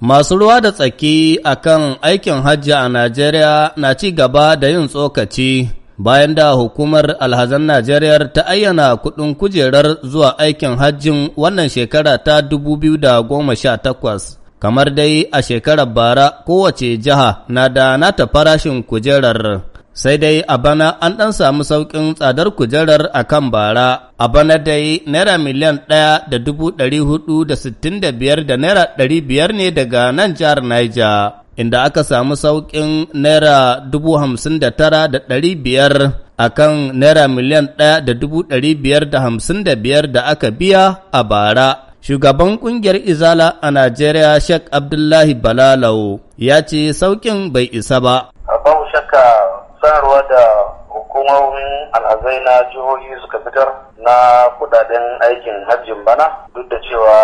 Masu ruwa da tsaki a kan aikin hajji a Najeriya na ci gaba da yin tsokaci bayan da hukumar alhazan Najeriya ta ayyana kuɗin kujerar zuwa aikin hajjin wannan shekara ta 2018. Kamar dai a shekarar bara kowace jiha na da nata farashin kujerar. sai dai a bana an ɗan samu sauƙin tsadar kujerar a kan bara, a bana dai naira miliyan ɗaya da dubu ɗari hudu da sittin da biyar da naira ɗari biyar ne daga nan jihar Niger, inda aka samu sauƙin naira dubu hamsin da tara da ɗari biyar a kan naira miliyan ɗaya da dubu ɗari biyar da hamsin da biyar da aka biya a bara. shugaban kungiyar izala a Najeriya Sheikh Abdullahi Balalau ya ce saukin bai isa ba. Babu shakka sanarwa da hukumomin alhazai na jihohi suka fitar na kudaden aikin hajjin bana duk da cewa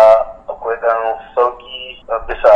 akwai dan sauki bisa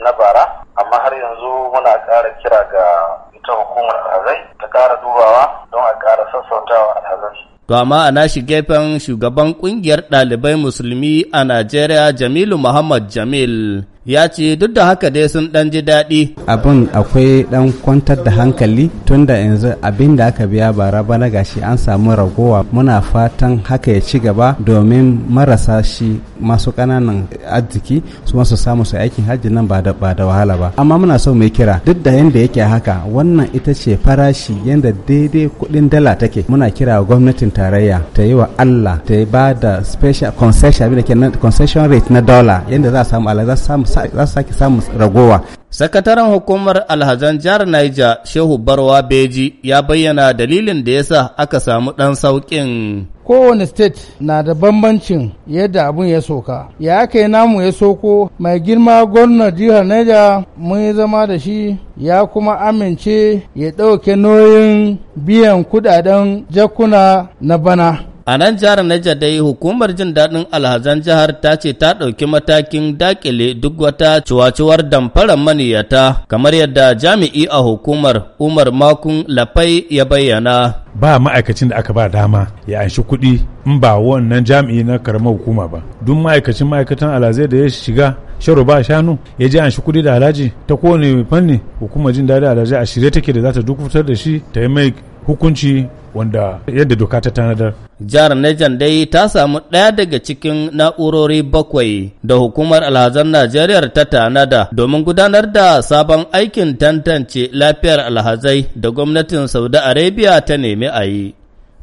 na bara amma har yanzu muna ƙara kira ga ita hukumar alhazai ta ƙara dubawa don a ƙara sassautawa alhazai To amma a nashi gefen shugaban ƙungiyar ɗalibai musulmi a Najeriya Jamilu Muhammad Jamil ya ce duk da haka dai sun dan ji daɗi. Abin akwai dan kwantar da hankali tun da yanzu abin da aka biya bara bana gashi an samu ragowa muna fatan haka ya ci gaba domin marasa shi masu ƙananan arziki su masu samu su aikin hajji nan ba da wahala ba. Amma muna so mai kira duk da yanda yake haka wannan ita ce farashi yanda daidai kuɗin dala take muna kira gwamnatin tarayya ta yi wa Allah ta ba da special concession abin da ke concession rate na dola yanda za a samu Allah za samu za su sake samun ragowa. Sakataren hukumar alhazan jihar Niger Shehu Barwa Beji ya bayyana dalilin da yasa aka samu ɗan sauƙin. Kowane state na da bambancin yadda abun ya soka. Ya aka yi namu ya soko mai girma gwamnan jihar Niger mun yi zama da shi ya kuma amince ya ɗauke nauyin biyan kudaden jakuna na bana. A nan jihar Niger dai hukumar jin daɗin alhazan jihar ta ce ta ɗauki matakin dakile duk wata ciwaciwar damfarar maniyata kamar yadda jami'i a hukumar Umar Makun Lafai ya bayyana. Ba ma'aikacin da aka ba dama ya anshi kuɗi in ba wannan jami'i na karamar hukuma ba. Duk ma'aikacin ma'aikatan alhazai da ya shiga sharo ba shanu ya je an shi kuɗi da alhaji ta kowane fanni hukumar jin daɗi alhaji a shirye take da za ta duk fitar da shi ta yi mai hukunci wanda yadda doka ta tanadar. Jihar Niger dai ta samu ɗaya daga cikin na'urori bakwai da hukumar alhazan Najeriya ta tanada domin gudanar da sabon aikin tantance lafiyar alhazai da gwamnatin Saudi Arabia ta nemi a yi.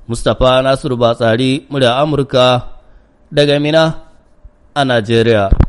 Mustapha Nasiru Batsari, murya Amurka, daga Mina a Najeriya.